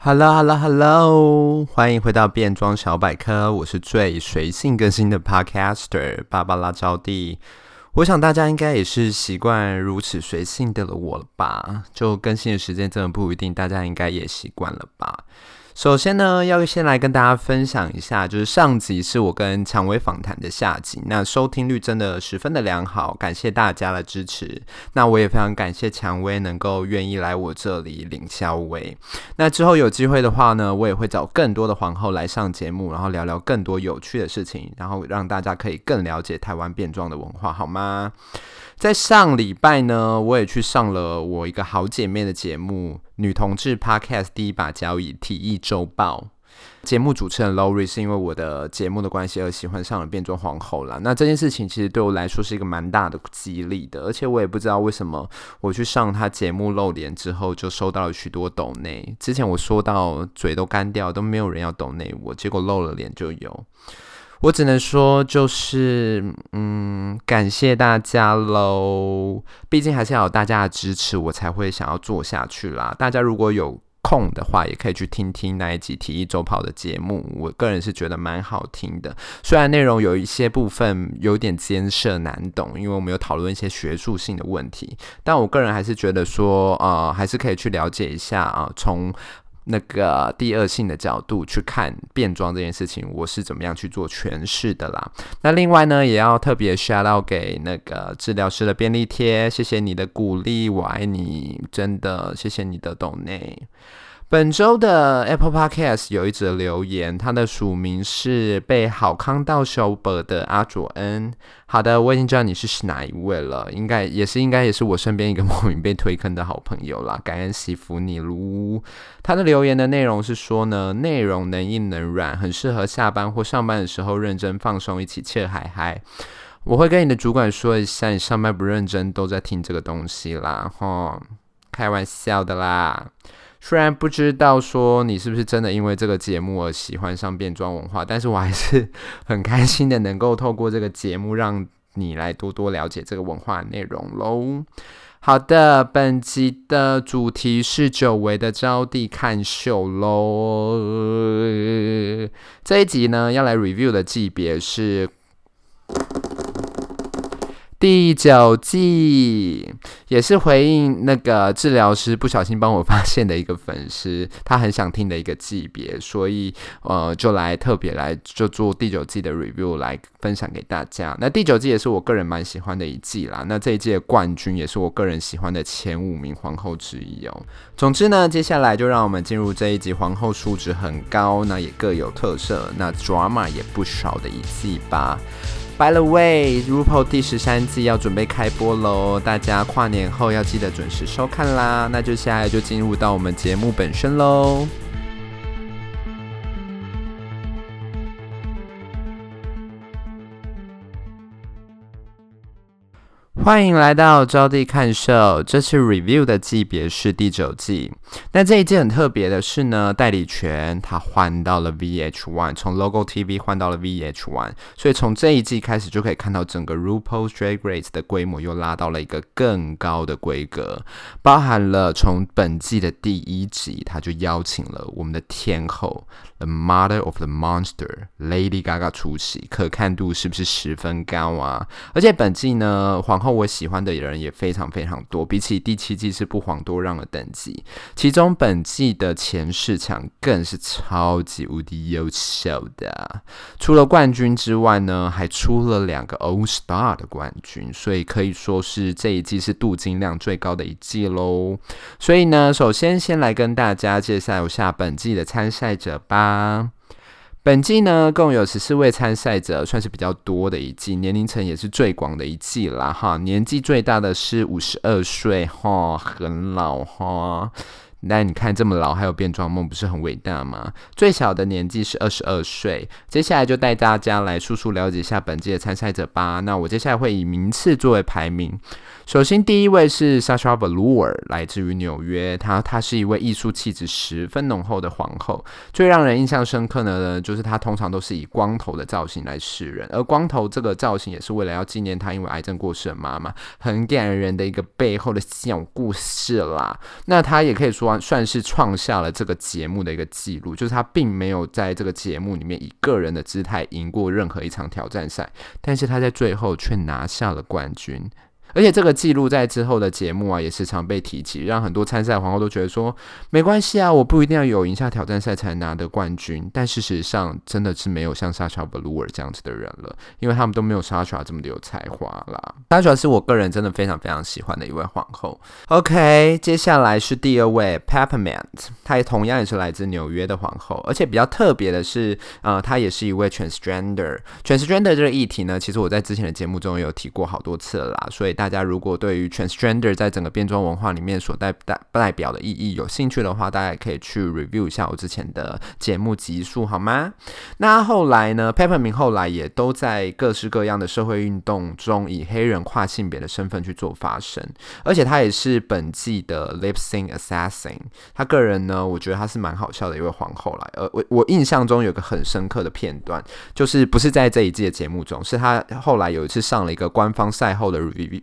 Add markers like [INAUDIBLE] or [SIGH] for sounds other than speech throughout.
Hello，Hello，Hello！Hello, hello. 歡迎回到變裝小百科，我是最隨性更新的 Podcaster 芭芭拉招弟。我想大家應該也是習慣如此隨性的了我了吧？就更新的時間真的不一定，大家應該也習慣了吧？首先呢，要先來跟大家分享一下，就是上集是我跟薔薇訪談的下集，那收聽率真的十分的良好，感謝大家的支持。那我也非常感謝薔薇能夠願意來我這裡領肖維，那之後有機會的話呢，我也會找更多的皇後來上節目，然後聊聊更多有趣的事情，然後讓大家可以更了解台灣變裝的文化，好嗎？在上禮拜呢，我也去上了我一個好姐妹的節目《女同志 Podcast 第一把交椅》——體育週報。節目主持人 Lori 是因為我的節目的關係而喜歡上了變裝皇後啦。那這件事情其實對我來說是一個蠻大的激勵的，而且我也不知道為什麼我去上他節目露臉之後，就收到了許多抖內。之前我說到嘴都乾掉都沒有人要抖內我，結果露了臉就有。我只能說，就是嗯，感謝大家嘍。畢竟還是要有大家的支持，我才會想要做下去啦。大家如果有空的話，也可以去聽聽那一集《體育週報》的節目。我個人是覺得蠻好聽的，雖然內容有一些部分有點艱澀難懂，因為我們有討論一些學術性的問題，但我個人還是覺得說，呃，還是可以去了解一下啊。從、呃那個第二性的角度去看變裝這件事情，我是怎麼樣去做詮釋的啦？那另外呢，也要特別 shout out 給那個治療師的便利貼，謝謝你的鼓勵，我愛你，真的，謝謝你的懂內。本周的 Apple Podcast 有一則留言，他的署名是被好康到手軟的阿佐恩。好的，我已經知道你是是哪一位了，應該也是應該也是我身邊一個莫名被推坑的好朋友啦，感恩惜福你。嚕，他的留言的內容是說呢，內容能硬能軟，很適合下班或上班的時候認真放鬆，一起切嗨嗨。我會跟你的主管說一下，你上班不認真都在聽這個東西啦，哈，開玩笑的啦。雖然不知道說你是不是真的因為這個節目而喜歡上變裝文化，但是我還是很開心的，能夠透過這個節目讓你來多多了解這個文化內容嘍。好的，本集的主題是久違的招弟看秀嘍。這一集呢，要來 review 的級別是。第九季也是回應那個治療師不小心幫我發現的一個粉絲，他很想聽的一個季別，所以呃就來特別來就做第九季的 review 來分享給大家。那第九季也是我個人蠻喜歡的一季啦，那這一季的冠軍也是我個人喜歡的前五名皇後之一哦、喔。總之呢，接下來就讓我們進入這一集皇后素質很高，那也各有特色，那 drama 也不少的一季吧。By the way，RuPaul 第十三季要準備開播嘍，大家跨年後要記得準時收看啦。那就下來就進入到我們節目本身嘍。歡迎來到招弟看秀。這次 review 的季別是第九季。那這一季很特別的是呢，代理權它換到了 VH1，從 Logo TV 換到了 VH1。所以從這一季開始就可以看到，整個 RuPaul's Drag Race 的規模又拉到了一個更高的規格，包含了從本季的第一集，他就邀請了我們的天後 The Mother of the Monster Lady Gaga 出席，可看度是不是十分高啊？而且本季呢，皇後。我喜歡的人也非常非常多，比起第七季是不遑多讓的等級。其中本季的前四強更是超級無敵優秀的。除了冠軍之外呢，還出了兩個 All Star 的冠軍，所以可以說是這一季是鍍金量最高的一季嘍。所以呢，首先先來跟大家介紹一下本季的參賽者吧。本季呢，共有十四位參賽者，算是比較多的一季，年齡層也是最廣的一季啦，哈，年紀最大的是五十二歲，哈，很老，哈。那你看這麼老還有變裝夢不是很偉大嗎？最小的年紀是二十二歲。接下來就帶大家來速速了解一下本屆的參賽者吧。那我接下來會以名次作為排名。首先第一位是 Sasha Velour，來自於紐約。她她是一位藝術氣質十分濃厚的皇後。最讓人印象深刻的呢，就是她通常都是以光頭的造型來示人，而光頭這個造型也是為了要紀念她因為癌症過世的媽媽，很感人，人的一個背後的小故事啦。那她也可以說算是創下了這個節目的一個記錄，就是他並沒有在這個節目裡面以個人的姿態贏過任何一場挑戰賽，但是他在最後卻拿下了冠軍。而且這個記錄在之後的節目啊，也時常被提及，讓很多參賽皇後都覺得說，沒關係啊，我不一定要有贏下挑戰賽才拿的冠軍。但事實上，真的是沒有像 Sasha Velour 這樣子的人了，因為他們都沒有 Sasha 這麼的有才華啦。Sasha 是我個人真的非常非常喜歡的一位皇後。OK，接下來是第二位 Peppermint，她也同樣也是來自紐約的皇後，而且比較特別的是，呃，她也是一位 Transgender。Transgender 這個議題呢，其實我在之前的節目中有提過好多次了啦，所以大。大家如果對於 transgender 在整個變裝文化裡面所代代代表的意義有興趣的話，大家可以去 review 一下我之前的節目集數，好嗎？那後來呢，Peppermint 後來也都在各式各樣的社會運動中以黑人跨性別的身份去做發聲，而且他也是本季的 lip-sync assassin。他個人呢，我覺得他是蠻好笑的一位皇後來，呃，我我印象中有一個很深刻的片段，就是不是在這一季的節目中，是他後來有一次上了一個官方賽後的 review。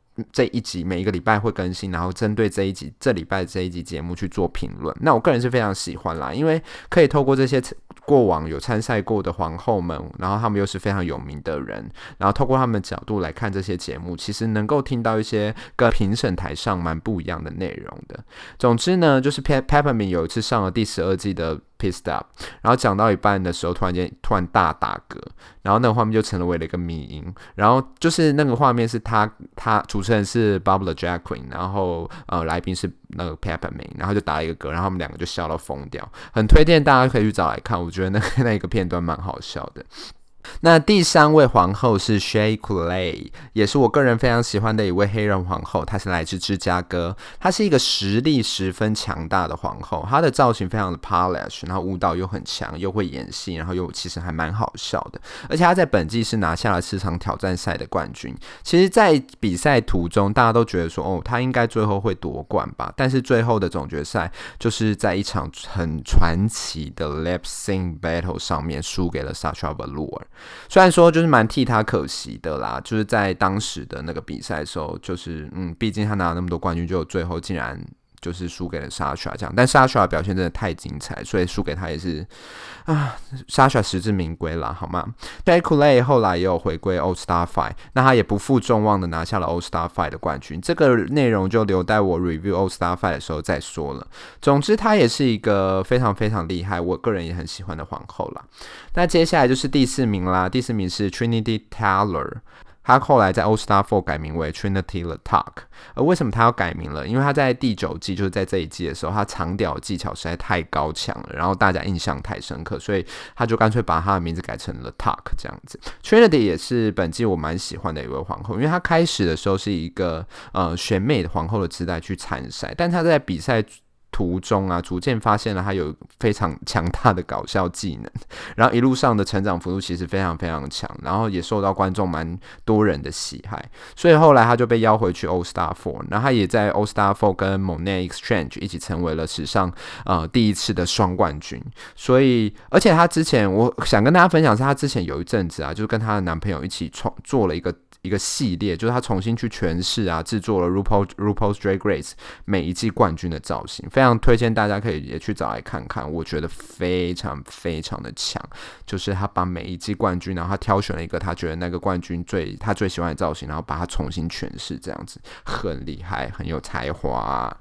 這一集每一個禮拜會更新，然後針對這一集這禮拜這一集節目去做評論。那我個人是非常喜歡啦，因為可以透過這些過往有參賽過的皇後們，然後他們又是非常有名的人，然後透過他們的角度來看這些節目，其實能夠聽到一些跟評審台上蠻不一樣的內容的。總之呢，就是 Peppermint 有一次上了第十二季的。Pissed Up，然後講到一半的時候，突然間突然大打嗝，然後那個畫面就成了為了一個迷因，然後就是那個畫面是他，他主持人是 Bob the Drag Queen，然後呃來賓是那個 Peppermint，然後就打了一個嗝，然後他們兩個就笑到瘋掉，很推薦大家可以去找來看，我覺得那個那一個片段蠻好笑的。那第三位皇後是 Shea Couleé，也是我個人非常喜歡的一位黑人皇後。她是來自芝加哥，她是一個實力十分強大的皇後。她的造型非常的 polish，然後舞蹈又很強，又會演戲，然後又其實還蠻好笑的。而且她在本季是拿下了四場挑戰賽的冠軍。其實，在比賽途中，大家都覺得說，哦，她應該最後會奪冠吧。但是最後的總決賽就是在一場很傳奇的 lip sync battle 上面輸給了 Sasha Velour。雖然說就是蠻替他可惜的啦，就是在當時的那個比賽的時候，就是嗯，畢竟他拿了那麼多冠軍，就最後竟然。就是輸給了 Sasha 這樣，但 Sasha 表現真的太精彩，所以輸給她也是啊，Sasha 實至名歸啦。好嗎？Shea Couleé 後來也有回歸 Old Star Five，那他也不負眾望的拿下了 Old Star Five 的冠軍，這個內容就留待我 review Old Star Five 的時候再說了。總之，他也是一個非常非常厲害，我個人也很喜歡的皇後啦。那接下來就是第四名啦，第四名是 Trinity Taylor。他後來在 All Star 4改名為 Trinity the Tuck，而為什麼他要改名了？因為他在第九季，就是在這一季的時候，他長屌的技巧實在太高強了，然後大家印象太深刻，所以他就乾脆把他的名字改成了 Tuck 這樣子。Trinity 也是本季我蠻喜歡的一位皇後，因為她開始的時候是一個呃選美皇後的姿態去參賽，但她在比賽途中啊，逐漸發現了他有非常強大的搞笑技能，然後一路上的成長幅度其實非常非常強，然後也受到觀眾蠻多人的喜愛，所以後來他就被邀回去 All Stars 4，然後他也在 All Stars 4跟 Monét X Change 一起成為了史上呃第一次的雙冠軍，所以而且他之前我想跟大家分享是，他之前有一陣子啊，就是跟她的男朋友一起創做了一個。一個系列，就是他重新去詮釋啊，製作了 RuPaul RuPaul's Drag Race 每一季冠軍的造型，非常推薦大家可以也去找來看看，我覺得非常非常的強。就是他把每一季冠軍，然後他挑選了一個他覺得那個冠軍最他最喜歡的造型，然後把它重新詮釋，這樣子很厲害，很有才華。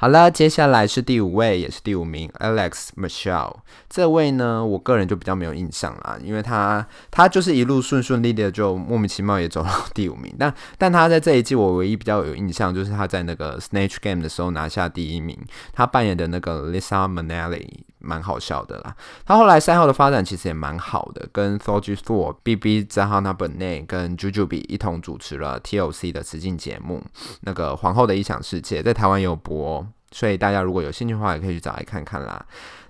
好了，接下來是第五位，也是第五名，Alex Michelle。這位呢，我個人就比較沒有印象啦，因為他他就是一路順順利利的，就莫名其妙也走到第五名。但但他在這一季，我唯一比較有印象，就是他在那個 Snatch Game 的時候拿下第一名，他扮演的那個 Lisa Minnelli。蠻好笑的啦。他後來賽後的發展其實也蠻好的，跟 Thorgy Thor、BeBe Zahara Benet 跟 Jujubee 一同主持了 TLC 的實境節目《那個皇後的異想世界》，在台灣有播，所以大家如果有興趣的話，也可以去找來看看啦。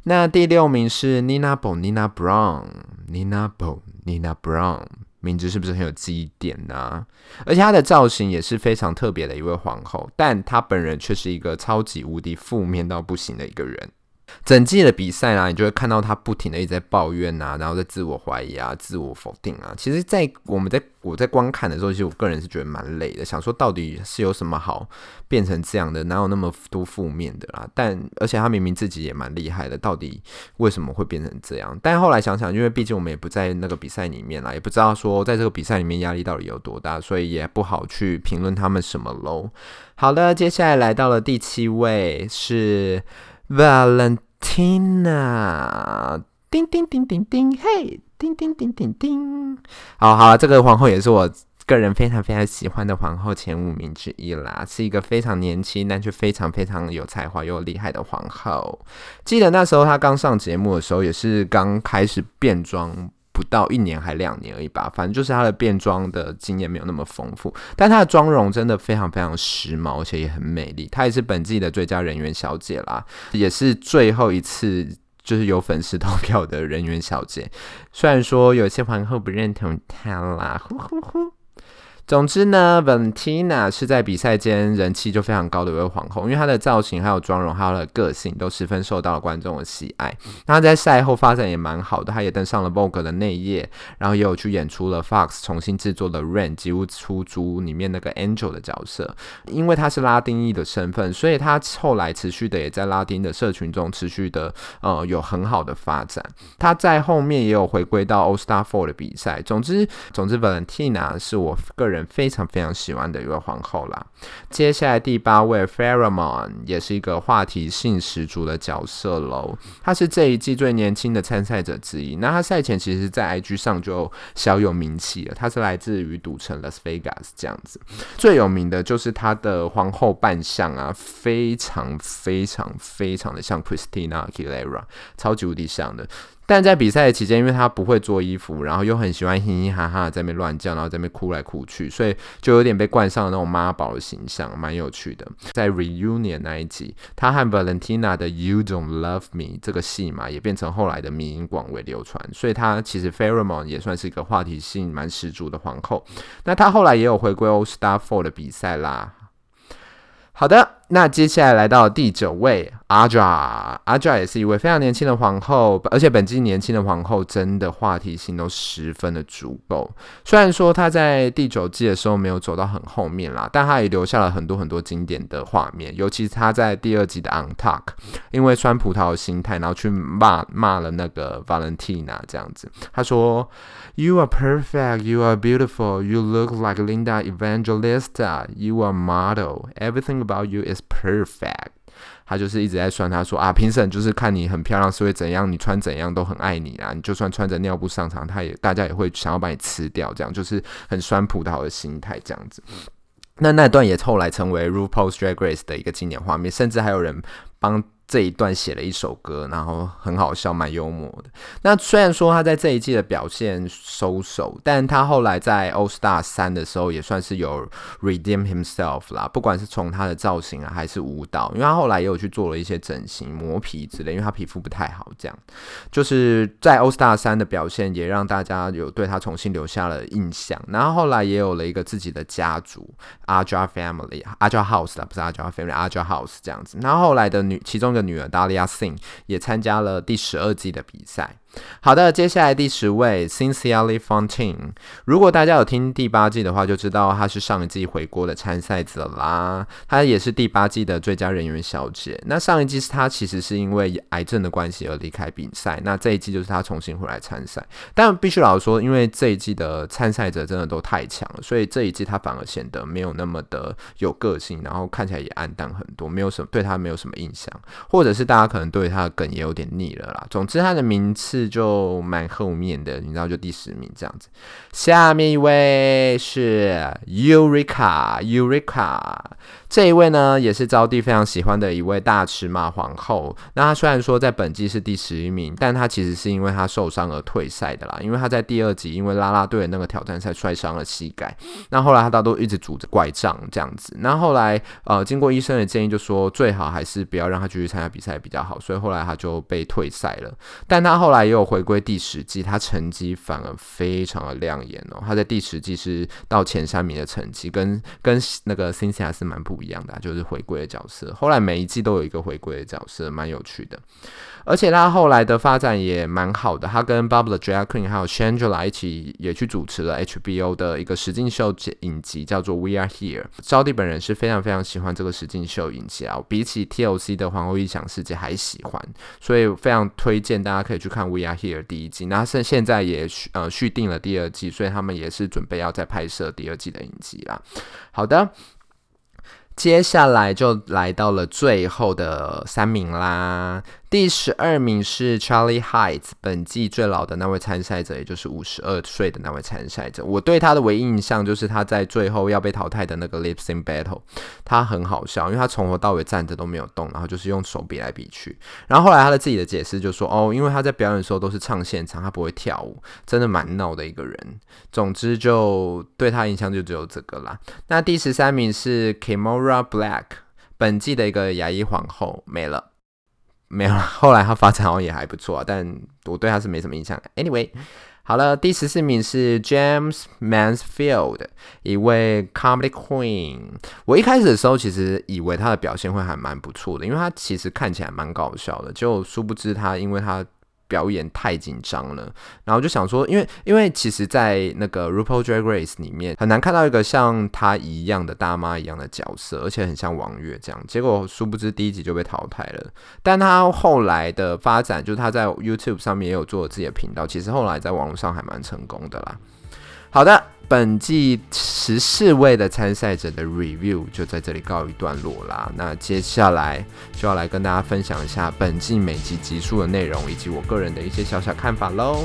那第六名是 Nina Bonina Brown, Nina Bonina Brown，Nina Bonina Brown 名字是不是很有記憶點呢？而且她的造型也是非常特別的一位皇後，但她本人卻是一個超級無敵負面到不行的一個人。整季的比賽啦、啊，你就會看到他不停地一直在抱怨啊，然後在自我懷疑啊、自我否定啊。其實，在我們在我在觀看的時候，其實我個人是覺得蠻累的，想說到底是有什麼好變成這樣的？哪有那麼多負面的啦、啊？但而且他明明自己也蠻厲害的，到底為什麼會變成這樣？但後來想想，因為畢竟我們也不在那個比賽裡面啦、啊，也不知道說在這個比賽裡面壓力到底有多大，所以也不好去評論他們什麼嘍。好了，接下來來到了第七位是 Valentina。天吶，叮叮叮叮叮，嘿，叮叮叮叮叮，好，好，這個皇後也是我個人非常非常喜歡的皇后前五名之一啦，是一個非常年輕但卻非常非常有才華又厲害的皇後。記得那時候她剛上節目的時候，也是剛開始變裝。不到一年還兩年而已吧，反正就是她的變裝的經驗沒有那麼豐富，但她的妝容真的非常非常時髦，而且也很美麗。她也是本季的最佳人緣小姐啦，也是最後一次就是有粉絲投票的人緣小姐。雖然說有些皇後不認同她啦，呼呼呼。總之呢，Valentina 是在比賽間人氣就非常高的一位皇後，因為她的造型、還有妝容、還有個性都十分受到了觀眾的喜愛。那她在賽後發展也蠻好的，她也登上了 Vogue 的內頁，然後也有去演出了 Fox 重新制作的《Rent》幾乎出租裡面那個 Angel 的角色。因為她是拉丁裔的身份，所以她後來持續的也在拉丁的社群中持續的呃有很好的發展。她在後面也有回歸到 All Star Four 的比賽。總之，總之，Valentina 是我個人。非常非常喜歡的一位皇後啦。接下來第八位 Farrah Moan，um，也是一個話題性十足的角色嘍。她是這一季最年輕的參賽者之一。那她賽前其實，在 IG 上就小有名氣了。她是來自於賭城 Las Vegas 這樣子。最有名的就是她的皇后扮相啊，非常非常非常的像 Christina Aguilera，超級無敵像的。但在比賽的期間，因為他不會做衣服，然後又很喜歡嘻嘻哈哈在那亂叫，然後在那邊哭來哭去，所以就有點被冠上的那種媽寶的形象，蠻有趣的。在 reunion 那一集，他和 Valentina 的 You Don't Love Me 這個戲碼也變成後來的迷因廣為流傳，所以他其實 Pheromone 也算是一個話題性蠻十足的皇後。那他後來也有回歸《All Star Four》的比賽啦。好的。那接下來來到第九位，阿扎。阿扎也是一位非常年輕的皇後，而且本季年輕的皇后真的話題性都十分的足夠。雖然說她在第九季的時候沒有走到很後面啦，但她也留下了很多很多經典的畫面，尤其是她在第二季的 Untalk，因為酸葡萄心態，然後去罵罵了那個 Valentina 這樣子，她說：“You are perfect, you are beautiful, you look like Linda Evangelista, you are model, everything about you is。” Perfect，他就是一直在算他說啊，評審就是看你很漂亮，所以怎樣你穿怎樣都很愛你啊，你就算穿着尿布上場，他也大家也會想要把你吃掉，這樣就是很酸葡萄的心態這樣子。那那段也後來成為《RuPaul's Drag Race》的一個經典畫面，甚至還有人幫。這一段寫了一首歌，然後很好笑，蠻幽默的。那雖然說他在這一季的表現收手，但他後來在 O Star 三的時候也算是有 redeem himself 啦。不管是從他的造型啊，還是舞蹈，因為他後來也有去做了一些整形、磨皮之類的，因為他皮膚不太好。這樣就是在 O Star 三的表現，也讓大家有對他重新留下了印象。然後後來也有了一個自己的家族，阿嬌、ja、family、阿嬌 house 啦，不是阿嬌、ja、family、阿嬌 house 這樣子。然後後來的女其中。女兒達利亞·辛也參加了第十二季的比賽。好的，接下來第十位，Cynthia Lee Fontaine。如果大家有聽第八季的話，就知道他是上一季回鍋的參賽者啦。他也是第八季的最佳人緣小姐。那上一季是他其實是因為癌症的關係而離開比賽。那這一季就是他重新回來參賽。但必須老實說，因為這一季的參賽者真的都太強了，所以這一季他反而顯得沒有那麼的有個性，然後看起來也暗淡很多，沒有什麼對他沒有什麼印象，或者是大家可能對他的梗也有點膩了啦。總之，他的名次。就蠻後面的，你知道，就第十名這樣子。下面一位是 Eureka，Eureka，這一位呢，也是招弟非常喜歡的一位大尺碼皇後。那她雖然說在本季是第十一名，但她其實是因為她受傷而退賽的啦。因為她在第二集因為拉拉隊的那個挑戰賽摔傷了膝蓋，那後來她都一直拄着拐杖這樣子。那後來呃，經過醫生的建議，就說最好還是不要讓她繼續參加比賽比較好，所以後來她就被退賽了。但她後來。也有回歸第十季，他成績反而非常的亮眼哦、喔。他在第十季是到前三名的成績，跟跟那個辛西婭是蠻不一樣的、啊，就是回歸的角色。後來每一季都有一個回歸的角色，蠻有趣的。而且他後來的發展也蠻好的，他跟 Bob the Drag Queen 還有 Shangela 一起也去主持了 HBO 的一個實境秀影集，叫做 We Are Here。招弟本人是非常非常喜歡這個實境秀影集啊，比起 TLC 的《皇后異想世界》還喜歡，所以非常推薦大家可以去看 We Are Here 第一季。那現現在也呃續呃續訂了第二季，所以他們也是準備要再拍攝第二季的影集啦。好的。接下來就來到了最後的三名啦。第十二名是 Charlie Hides，本季最老的那位參賽者，也就是五十二歲的那位參賽者。我對他的唯一印象就是他在最後要被淘汰的那個 lip sync battle，他很好笑，因為他從頭到尾站着都沒有動，然後就是用手比來比去。然後後來他的自己的解釋就說：“哦，因為他在表演的時候都是唱現場，他不會跳舞，真的蠻鬧的一個人。”總之，就對他的印象就只有這個啦。那第十三名是 Kimora。Black，本季的一個牙醫皇后沒了，沒有了。後來她發展好像也還不錯啊，但我對她是沒什麼印象啊。Anyway，好了，第十四名是 James Mansfield，一位 Comedy Queen。我一開始的時候其實以為她的表現會還蠻不錯的，因為她其實看起來蠻搞笑的。就殊不知她，因為她，表演太緊張了，然後就想說，因為因為其實，在那個《RuPaul's Drag Race》裡面很難看到一個像他一樣的大媽一樣的角色，而且很像王月這樣。結果殊不知第一集就被淘汰了。但他後來的發展，就是他在 YouTube 上面也有做自己的頻道，其實後來在網絡上還蠻成功的啦。好的。本季十四位的參賽者的 review 就在這裡告一段落啦，那接下來就要來跟大家分享一下本季每集集數的內容，以及我個人的一些小小看法嘍。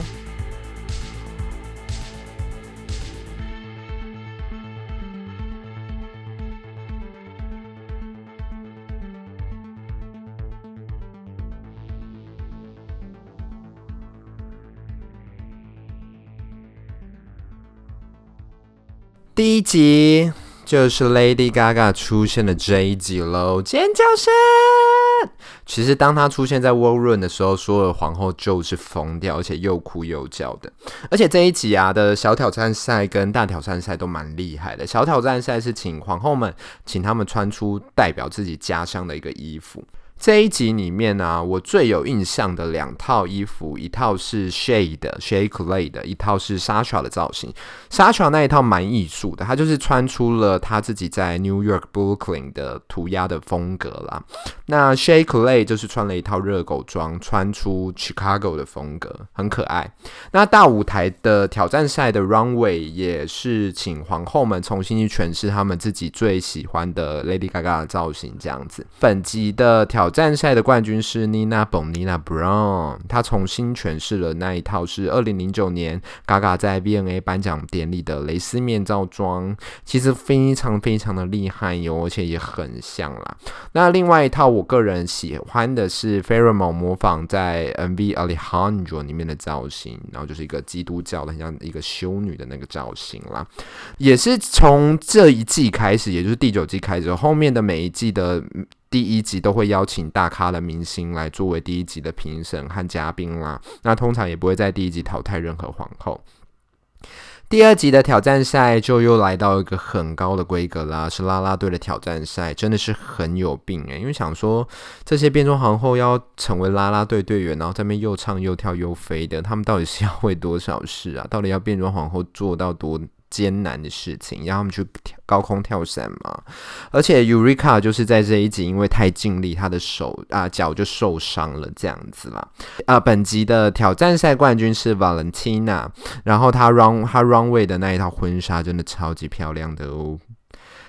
第一集就是 Lady Gaga 出現的這一集嘍，尖叫聲！其實當她出現在 Werk Room 的時候，所有皇後就是瘋掉，而且又哭又叫的。而且這一集啊的小挑戰賽跟大挑戰賽都蠻厲害的。小挑戰賽是請皇後們請他們穿出代表自己家鄉的一個衣服。這一集裡面呢、啊，我最有印象的兩套衣服，一套是 Shea 的 Shea Couleé 的，一套是 Sasha 的造型。Sasha 那一套蠻藝術的，他就是穿出了他自己在 New York Brooklyn 的塗鴉的風格啦。那 Shea Couleé 就是穿了一套熱狗裝，穿出 Chicago 的風格，很可愛。那大舞台的挑戰賽的 Runway 也是請皇後們重新去詮釋他們自己最喜歡的 Lady Gaga 的造型，這樣子。本集的挑戰賽的冠軍是妮娜·邦妮娜·布朗，她重新詮釋了那一套是二零零九年嘎嘎在 b n a 頒獎典禮的蕾絲面罩裝，其實非常非常的厲害喲，而且也很像啦。那另外一套我個人喜歡的是 Farrah Moan 模仿在 MV Alejandro 裡面的造型，然後就是一個基督教的，很像一個修女的那個造型啦。也是從這一季開始，也就是第九季開始，後面的每一季的。第一集都會邀請大咖的明星來作為第一集的評審和嘉賓啦。那通常也不會在第一集淘汰任何皇後。第二集的挑戰賽就又來到一個很高的規格啦，是啦啦隊的挑戰賽，真的是很有病誒、欸。因為想說這些變裝皇后要成為啦啦隊隊員，然後在那邊又唱又跳又飛的，他們到底是要為多少事啊？到底要變裝皇後做到多？艱難的事情，然後他們去跳高空跳傘嘛。而且 Eureka 就是在這一集，因為太盡力，他的手啊腳、呃、就受傷了，這樣子啦。啊、呃，本集的挑戰賽冠軍是 Valentina，然後他 run 他 runway 的那一套婚紗真的超級漂亮的哦。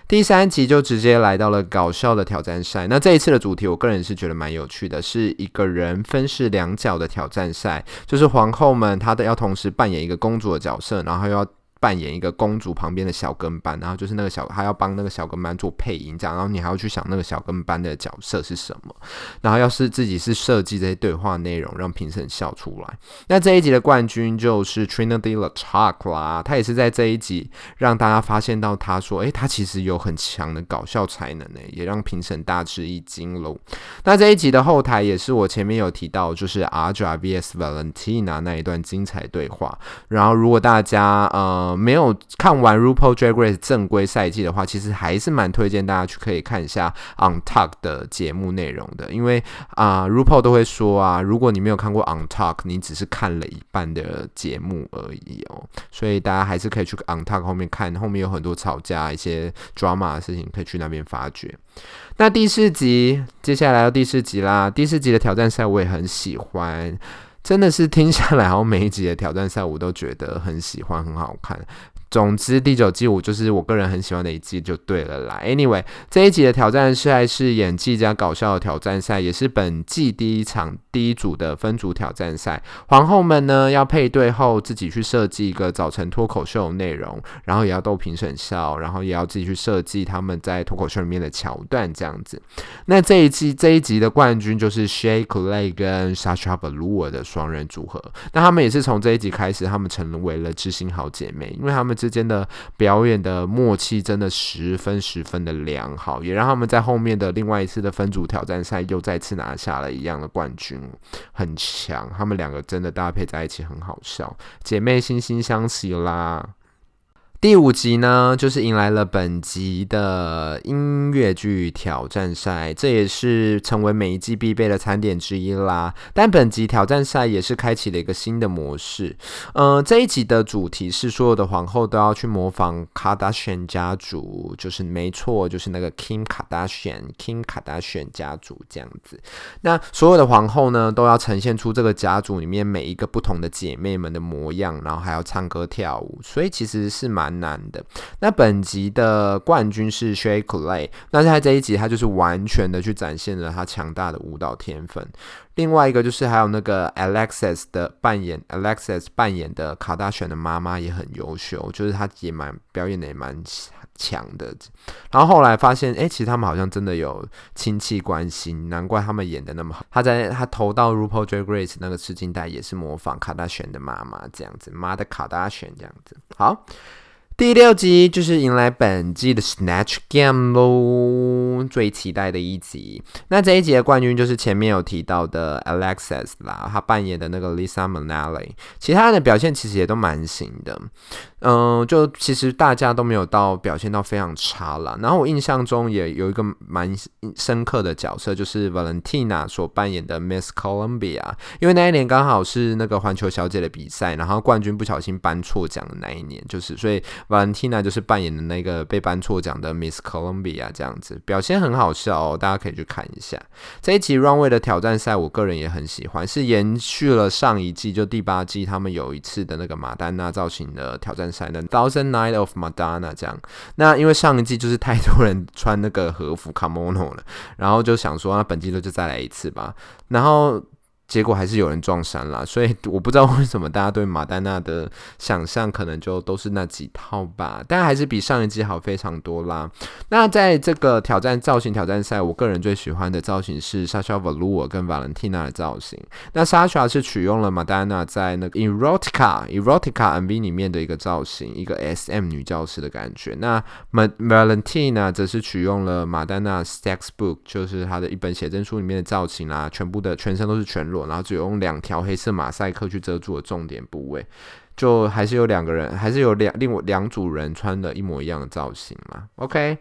第三集就直接來到了搞笑的挑戰賽，那這一次的主題我個人是覺得蠻有趣的，是一個人分飾兩角的挑戰賽，就是皇後們她都要同時扮演一個公主的角色，然後又要。扮演一個公主旁邊的小跟班，然後就是那個小還要幫那個小跟班做配音這樣，然後你還要去想那個小跟班的角色是什麼，然後要是自己是設計這些對話內容讓評審笑出來。那這一集的冠軍就是 Trinity Taylor 啦，他也是在這一集讓大家發現到他說，哎、欸，他其實有很強的搞笑才能呢、欸，也讓評審大吃一驚嘍。那這一集的後台也是我前面有提到，就是 Aja vs Valentina 那一段精彩對話。然後如果大家嗯……沒有看完 RuPaul Drag Race 正規賽季的話，其實還是蠻推薦大家去可以看一下 Untucked 的節目內容的，因為啊、呃、RuPaul 都會說啊，如果你沒有看過 Untucked，你只是看了一半的節目而已哦，所以大家還是可以去 Untucked 後面看，後面有很多吵架，一些 drama 的事情可以去那邊發掘。那第四集，接下來到第四集啦，第四集的挑戰賽我也很喜歡。真的是聽下來，然後每一集的挑戰賽，我都覺得很喜歡，很好看。總之，第九季五就是我個人很喜歡的一季，就對了啦。Anyway，這一集的挑戰賽是演技加搞笑的挑戰賽，也是本季第一場第一組的分組挑戰賽。皇後們呢要配對後自己去設計一個早晨脫口秀內容，然後也要逗評審笑，然後也要自己去設計他們在脫口秀裡面的橋段這樣子。那這一季這一集的冠軍就是 Shea Couleé 跟 Sasha Velour 的雙人組合。那他們也是從這一集開始，他們成為了知心好姐妹，因為他們。之間的表演的默契真的十分十分的良好，也讓他們在後面的另外一次的分組挑戰賽又再次拿下了一樣的冠軍，很強。他們兩個真的搭配在一起很好笑，姐妹惺惺相惜啦。第五集呢，就是迎來了本集的音樂劇挑戰賽，這也是成為每一季必備的餐點之一啦。但本集挑戰賽也是開啟了一個新的模式，嗯、呃，這一集的主題是所有的皇後都要去模仿 Kardashian 家族，就是沒錯，就是那個 King Kardashian King Kardashian 家族這樣子。那所有的皇後呢，都要呈現出這個家族裡面每一個不同的姐妹們的模樣，然後還要唱歌跳舞，所以其實是蠻。男的，那本集的冠軍是 Shea Couleé 那現在這一集他就是完全的去展現了他強大的舞蹈天分。另外一個就是還有那個 Alexis 的扮演 [MUSIC] ，Alexis 扮演的卡戴珊的媽媽也很優秀，就是他也蠻表演的也蠻強的。然後後來發現，哎、欸，其實他們好像真的有親戚關係，難怪他們演的那麼好。他在他投到 RuPaul's Drag Race 那個試鏡帶也是模仿卡戴珊的媽媽這樣子，媽的卡戴珊這樣子，好。第六集就是迎來本季的 Snatch Game 咯，最期待的一集。那這一集的冠軍就是前面有提到的 Alexis 啦，他扮演的那個 Liza Minnelli，其他人的表現其實也都蠻行的。嗯，就其實大家都沒有到表現到非常差啦。然後我印象中也有一個蠻深刻的角色，就是 Valentina 所扮演的 Miss Colombia，因為那一年剛好是那個環球小姐的比賽，然後冠軍不小心頒錯獎的那一年，就是所以 Valentina 就是扮演的那個被頒錯獎的 Miss Colombia，這樣子，表現很好笑哦，大家可以去看一下這一集 Runway 的挑戰賽，我個人也很喜歡，是延續了上一季就第八季他們有一次的那個馬丹娜造型的挑戰賽。才能《Thousand Night of Madonna》這樣，那因為上一季就是太多人穿那個和服卡蒙諾了，然後就想說，那本季度就再來一次吧，然後。結果還是有人撞衫啦，所以我不知道為什麼大家對馬丹娜的想象可能就都是那幾套吧。但還是比上一季好非常多啦。那在這個挑戰造型挑戰賽，我個人最喜歡的造型是 Sasha Velour 跟 Valentina 的造型。那 Sasha 是取用了馬丹娜在那個 Erotica Erotica MV 裡面的一個造型，一個 SM 女教師的感覺。那 Valentina 則是取用了馬丹娜 Sex Book，就是她的一本寫真書裡面的造型啦，啊，全部的全身都是全裸。然後只有用兩條黑色馬賽克去遮住的重點部位，就還是有兩個人，還是有兩另外兩組人穿的一模一樣的造型嘛？OK。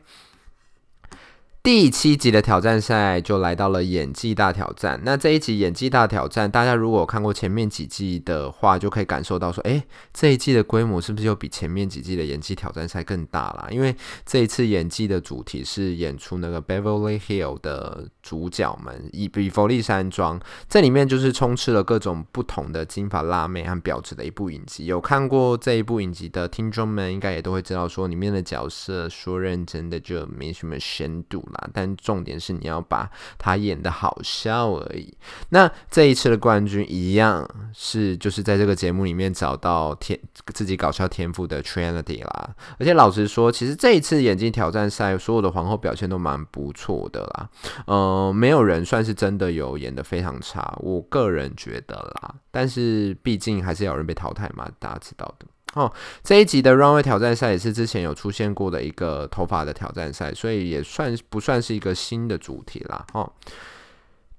第七集的挑戰賽就來到了演技大挑戰。那這一集演技大挑戰，大家如果看過前面幾季的話，就可以感受到說，哎、欸，這一季的規模是不是又比前面幾季的演技挑戰賽更大啦？因為這一次演技的主題是演出那個 Beverly Hill 的主角們，以比佛利山莊這裡面就是充斥了各種不同的金髮辣妹和婊子的一部影集。有看過這一部影集的聽眾們，應該也都會知道說，裡面的角色說認真的就沒什麼深度。但重點是你要把他演得好笑而已。那這一次的冠軍一樣是就是在這個節目裡面找到天自己搞笑天賦的 Trinity 啦。而且老實說，其實這一次演技挑戰賽所有的皇後表現都蠻不錯的啦。嗯，沒有人算是真的有演得非常差。我個人覺得啦，但是畢竟還是有人被淘汰嘛，大家知道的。哦，這一集的 runway 挑戰賽也是之前有出現過的一個頭髮的挑戰賽，所以也算不算是一個新的主題啦。哦，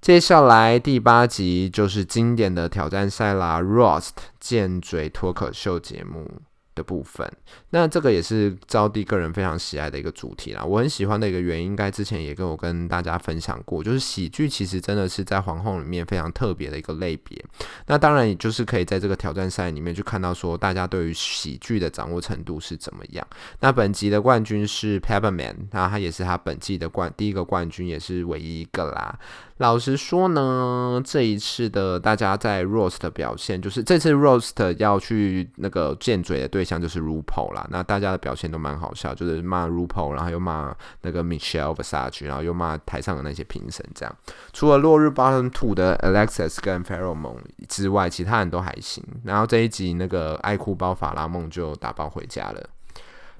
接下來第八集就是經典的挑戰賽啦，roast 劍嘴脫口秀節目。的部分，那這個也是招弟個人非常喜愛的一個主題啦。我很喜歡的一個原因，應該之前也跟我跟大家分享過，就是喜劇其實真的是在皇后裡面非常特別的一個類別。那當然，也就是可以在這個挑戰賽裡面去看到說，大家對於喜劇的掌握程度是怎麼樣。那本集的冠軍是 Pepperman，那他也是他本季的冠第一個冠軍，也是唯一一個啦。老實說呢，這一次的大家在 roast 的表現，就是這次 roast 要去那個賤嘴的對象就是 RuPaul 啦，那大家的表現都蠻好笑，就是罵 RuPaul，然後又罵那個 Michelle Visage，然後又罵台上的那些評審，這樣。除了落日 bottom two 的 Alexis 跟 Farrah Moan 之外，其他人都還行。然後這一集那個愛哭包法拉夢就打包回家了。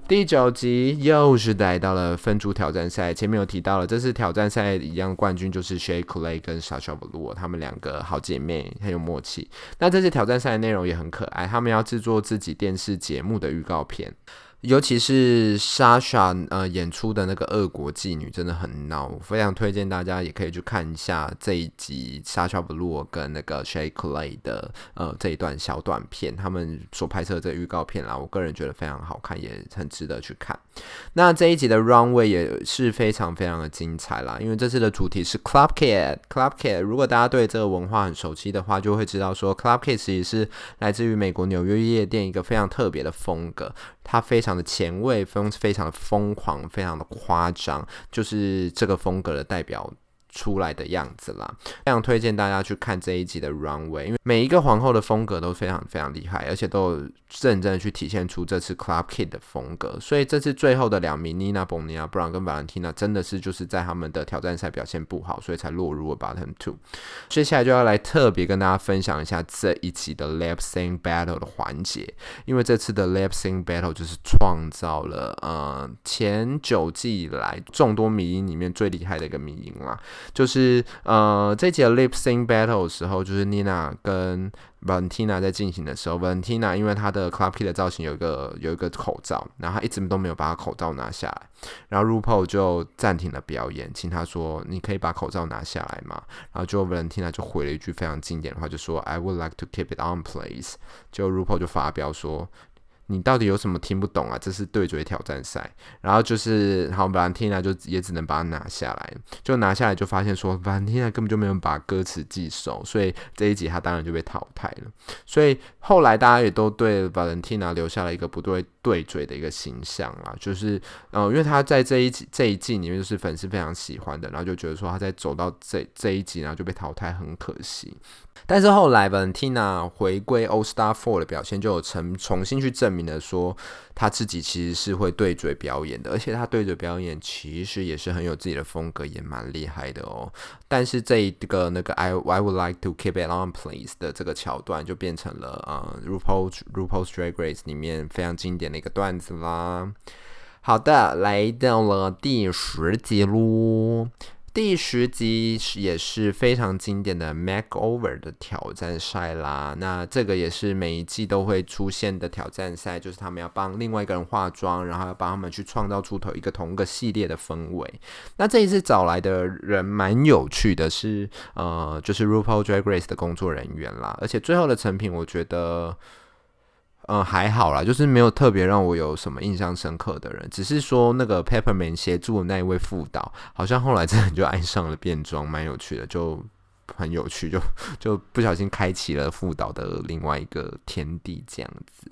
第九集又是來到了分組挑戰賽，前面有提到了，這次挑戰賽一樣冠軍就是 Shea Couleé 跟 Sasha Velour，他們兩個好姐妹很有默契。那這次挑戰賽的內容也很可愛，他們要製作自己電視節目的預告片。尤其是 Sasha 呃演出的那個俄國妓女真的很鬧，我非常推薦大家也可以去看一下這一集 Sasha Velour 跟那個 Shea Couleé 的呃這一段小短片，他們所拍攝的這個預告片啦，我個人覺得非常好看，也很值得去看。那這一集的 Runway 也是非常非常的精彩啦，因為這次的主題是 Club Kid，Club Kid，如果大家對這個文化很熟悉的話，就會知道說 Club Kid 也是來自於美國紐約夜店一個非常特別的風格。他非常的前衛，瘋非常的瘋狂，非常的誇張，就是這個風格的代表出來的樣子啦。非常推薦大家去看這一集的 Runway，因為每一個皇後的風格都非常非常厲害，而且都真正的去體現出這次 Club Kid 的風格，所以這次最後的兩名 Nina Bo'nina、Brown 跟 Valentina 真的是就是在他們的挑戰賽表現不好，所以才落入了 Bottom Two。接下來就要來特別跟大家分享一下這一集的 Lip Sync Battle 的環節，因為這次的 Lip Sync Battle 就是創造了呃前九季以來眾多迷因裡面最厲害的一個迷因啦。就是呃這集 Lip Sync Battle 的時候，就是 Nina 跟 Valentina 在進行的時候，Valentina 因為她的 club kid 的造型有一個有一個口罩，然後他一直都沒有把他口罩拿下來，然後 Rupaul 就暫停了表演，請他說：“你可以把口罩拿下來嗎？”然後就 Valentina 就回了一句非常經典的話，就說：“I would like to keep it on, please。”就 Rupaul 就發飆說。你到底有什麼聽不懂啊？這是對嘴挑戰賽，然後就是，然後，Valentina 就也只能把它拿下來，就拿下來就發現說，Valentina 根本就沒有把歌詞記熟，所以這一集他當然就被淘汰了。所以後來大家也都對 Valentina 留下了一個不對。對嘴的一個形象啊，就是嗯，因為他在這一季這一季裡面就是粉絲非常喜歡的，然後就覺得說他在走到這這一集，然後就被淘汰很可惜。但是後來 Valentina 回歸《All Star Four》的表現，就有重重新去證明了說他自己其實是會對嘴表演的，而且他對嘴表演其實也是很有自己的風格，也蠻厲害的哦。但是這一個那個 I I would like to keep it on, please 的這個橋段，就變成了嗯 RuPaul RuPaul's Drag Race 裡面非常經典的。一個段子啦。好的，來到了第十集嘍。第十集也是非常經典的 Makeover 的挑戰賽啦。那這個也是每一季都會出現的挑戰賽，就是他們要幫另外一個人化妝，然後要幫他們去創造出頭一個同一個系列的氛圍。那這一次找來的人蠻有趣的是，是呃，就是 RuPaul Drag Race 的工作人員啦。而且最後的成品，我覺得。嗯，還好啦，就是沒有特別讓我有什麼印象深刻的人，只是說那個 Peppermint 協助的那一位副導，好像後來真的就愛上了變裝，蠻有趣的，就很有趣，就就不小心開啟了副導的另外一個天地這樣子。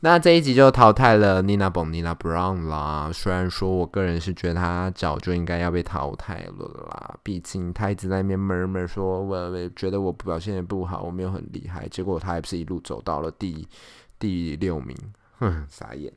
那這一集就淘汰了 Nina Bonina Brown 啦。雖然說我個人是覺得他早就應該要被淘汰了啦，畢竟他一直在那邊 murmur 說，我我覺得我不表現得不好，我沒有很厲害，結果他還不是一路走到了第。第六名，哼，傻眼。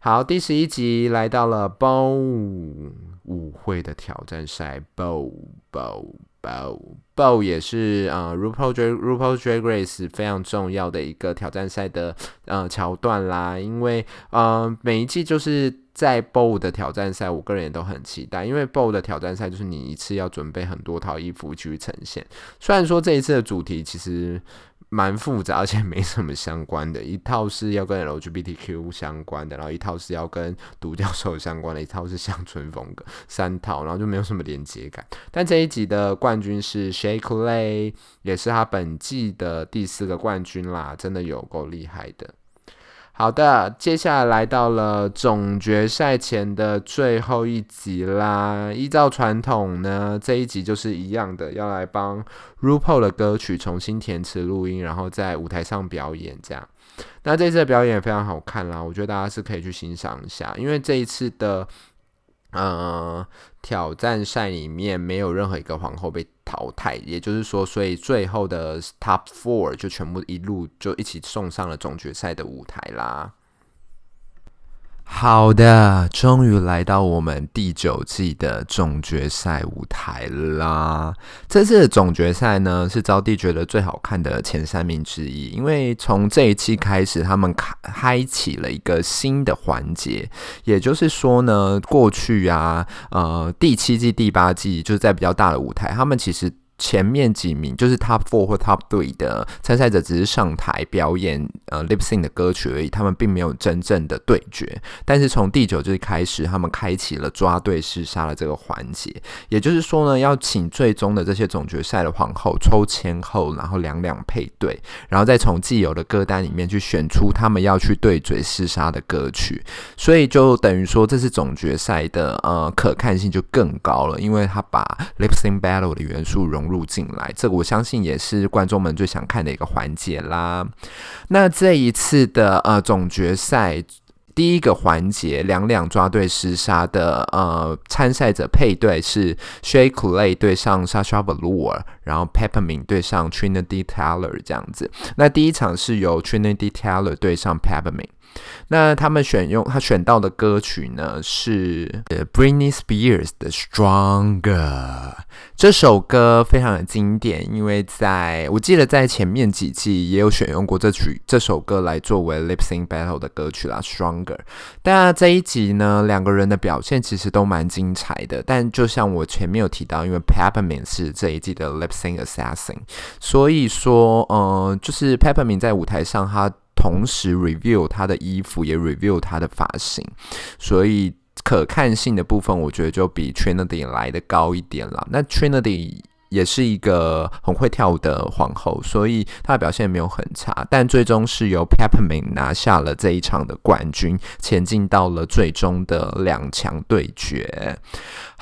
好，第十一集來到了包舞舞會的挑戰賽，包包包包也是啊、呃、RuPaul RuPaul's Drag Race 非常重要的一個挑戰賽的呃橋段啦。因為呃每一季就是在包舞的挑戰賽，我個人也都很期待，因為包舞的挑戰賽就是你一次要準備很多套衣服去呈現。雖然說這一次的主題其實。蠻複雜，而且沒什麼相關的。一套是要跟 LGBTQ 相關的，然後一套是要跟獨角獸相關的，一套是鄉村風格，三套，然後就沒有什麼連接感。但這一集的冠軍是 Shea Couleé，也是他本季的第四個冠軍啦，真的有夠厲害的。好的，接下來，來到了總決賽前的最後一集啦。依照傳統呢，這一集就是一樣的，要來幫 RuPaul 的歌曲重新填詞、錄音，然後在舞台上表演這樣。那這次的表演也非常好看啦，我覺得大家是可以去欣賞一下，因為這一次的嗯、呃、挑戰賽裡面沒有任何一個皇后被淘汰，也就是說，所以最後的 Top Four 就全部一路就一起送上了總決賽的舞台啦。好的，終於來到我們第九季的總決賽舞台啦！這次的總決賽呢，是招弟覺得最好看的前三名之一，因為從這一期開始，他們開開啟了一個新的環節，也就是說呢，過去啊，呃，第七季、第八季就是在比較大的舞台，他們其實。前面幾名就是 Top Four 或 Top Three 的參賽者，只是上台表演呃 lip sync 的歌曲而已，他們並沒有真正的對決。但是從第九季開始，他們開啟了抓對廝殺的這個環節，也就是說呢，要請最終的這些總決賽的皇后抽籤後，然後兩兩配對，然後再從既有的歌單裡面去選出他們要去對嘴廝殺的歌曲。所以就等於說，這次總決賽的呃可看性就更高了，因為他把 lip sync battle 的元素融入。入進來，這個我相信也是觀眾們最想看的一個環節啦。那這一次的呃總決賽第一個環節，兩兩抓對廝殺的呃參賽者配對是 Shea Couleé 對上 Sasha Velour，然後 Peppermint 對上 Trinity Taylor 這樣子。那第一場是由 Trinity Taylor 對上 Peppermint。那他們選用他選到的歌曲呢是呃 Britney Spears 的 Stronger，這首歌非常的經典。因為在我記得在前面幾季也有選用過這曲這首歌來作為 Lip Sync Battle 的歌曲啦。Stronger，但啊，這一集呢，兩個人的表現其實都蠻精彩的。但就像我前面有提到，因為 Peppermint 是這一季的 Lip Sync Assassin，所以說，嗯，就是 Peppermint 在舞台上他，同時 review 他的衣服，也 review 他的髮型，所以可看性的部分，我覺得就比 Trinity 來得高一點了。那 Trinity 也是一個很會跳舞的皇後，所以她的表現沒有很差，但最終是由 Peppermint 拿下了這一場的冠軍，前進到了最終的兩強對決。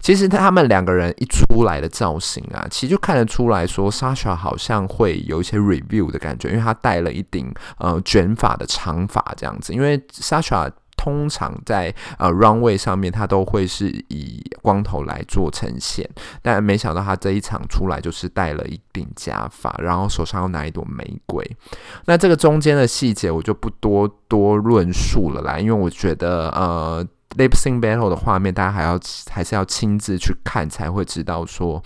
其實他們兩個人一出來的造型啊，其實就看得出來說，Sasha 好像會有一些 review 的感覺，因為他戴了一頂呃捲髮的長髮這樣子。因為 Sasha 通常在呃 runway 上面，他都會是以光頭來做呈現，但沒想到他這一場出來就是戴了一頂假髮，然後手上又拿一朵玫瑰。那這個中間的細節我就不多多論述了啦，因為我覺得呃。Lip Sync Battle 的畫面，大家還要還是要親自去看才會知道，說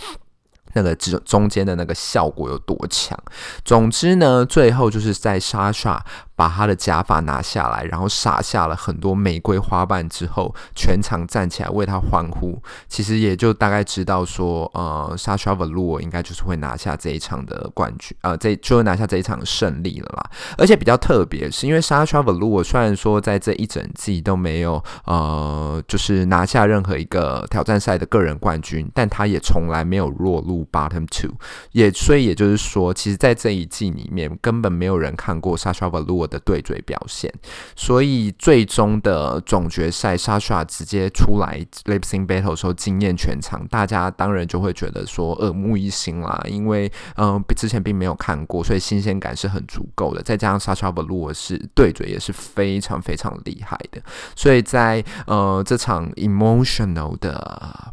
那個中中間的那個效果有多強。總之呢，最後就是在 Sasha，把他的假髮拿下來，然後撒下了很多玫瑰花瓣之後，全場站起來為他歡呼。其實也就大概知道說，呃，Sasha Velour 應該就是會拿下這一場的冠軍，啊、呃，這就會拿下這一場勝利了啦。而且比較特別，是因為 Sasha Velour 雖然說在這一整季都沒有，呃，就是拿下任何一個挑戰賽的個人冠軍，但他也從來沒有落入 bottom two。也所以也就是說，其實，在這一季裡面，根本沒有人看過 Sasha Velour 的。的對嘴表現，所以最終的總決賽，莎莎直接出來 lip sync battle 的時候驚豔全場，大家當然就會覺得說耳目一新啦，因為嗯、呃、之前並沒有看過，所以新鮮感是很足夠的。再加上莎莎 Velour 是對嘴也是非常非常厲害的，所以在呃這場 emotional 的。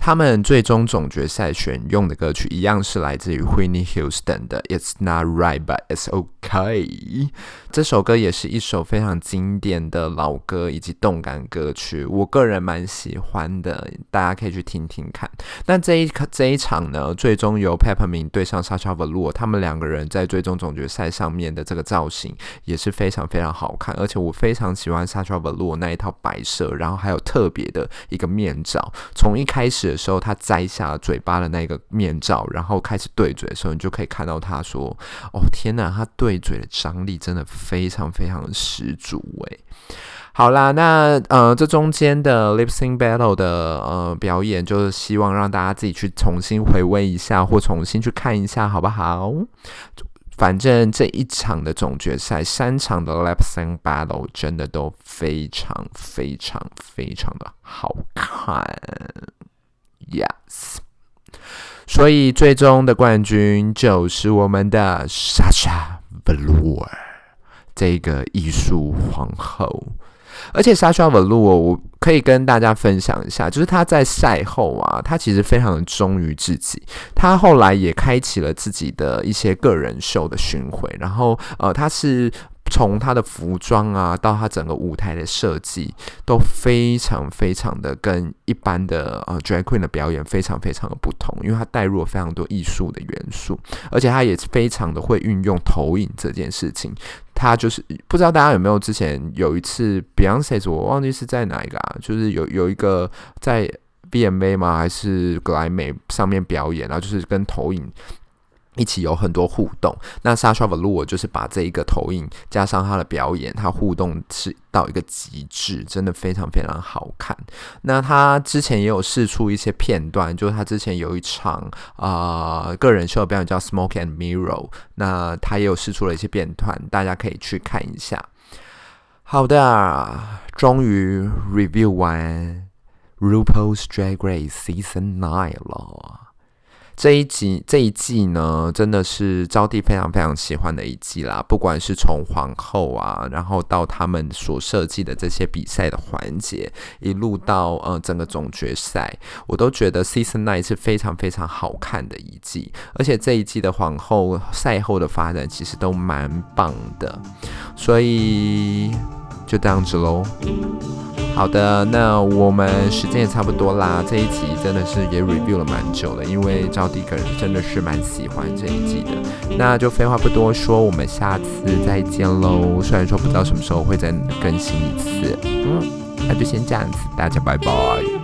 他們最終總決賽選用的歌曲一樣是來自於 Whitney Houston 的《It's Not Right But It's OK》。這首歌也是一首非常經典的老歌以及動感歌曲，我個人蠻喜歡的，大家可以去聽聽看。那這一這一場呢，最終由 Peppermint 對上 Sasha Velour，他們兩個人在最終總決賽上面的這個造型也是非常非常好看，而且我非常喜歡 Sasha Velour 那一套白色，然後還有特別的一個面罩，從一開始。的時候，他摘下嘴巴的那個面罩，然後開始對嘴的時候，你就可以看到他說：“哦天哪，他對嘴的張力真的非常非常十足。”喂，好啦，那呃，這中間的 Lip Sync Battle 的呃表演，就是希望讓大家自己去重新回味一下，或重新去看一下，好不好？反正這一場的總決賽，三場的 Lip Sync Battle 真的都非常非常非常的好看。所以最終的冠軍就是我們的 Sasha Velour 這個藝術皇後，而且 Sasha Velour 我可以跟大家分享一下，就是他在賽後啊，他其實非常的忠於自己，他後來也開啟了自己的一些個人秀的巡迴，然後呃，他是。從他的服裝啊，到他整個舞台的設計，都非常非常的跟一般的呃 Drag Queen 的表演非常非常的不同，因為他帶入了非常多藝術的元素，而且他也是非常的會運用投影這件事情。他就是不知道大家有沒有之前有一次 Beyoncé，我忘記是在哪一個啊，就是有有一個在 BMA 嗎，還是格萊美上面表演，然後就是跟投影。一起有很多互動。那 Sasha Velour 就是把這一個投影加上他的表演，他互動是到一個極致，真的非常非常好看。那他之前也有釋出一些片段，就是他之前有一場啊、呃、個人秀表演叫《Smoke and Mirror》，那他也有釋出了一些片段，大家可以去看一下。好的，終於 review 完 Rupaul's Drag Race Season 9了。這一季這一季呢，真的是招弟非常非常喜歡的一季啦。不管是從皇後啊，然後到他們所設計的這些比賽的環節，一路到呃、嗯、整個總決賽，我都覺得 Season 9是非常非常好看的一季。而且這一季的皇后賽後的發展其實都蠻棒的，所以。就這樣子嘍。好的，那我們時間也差不多啦。這一集真的是也 review 了蠻久了，因為招弟個人真的是蠻喜歡這一集的。那就廢話不多說，我們下次再見嘍。雖然說不知道什麼時候會再更新一次，嗯，那就先這樣子，大家拜拜。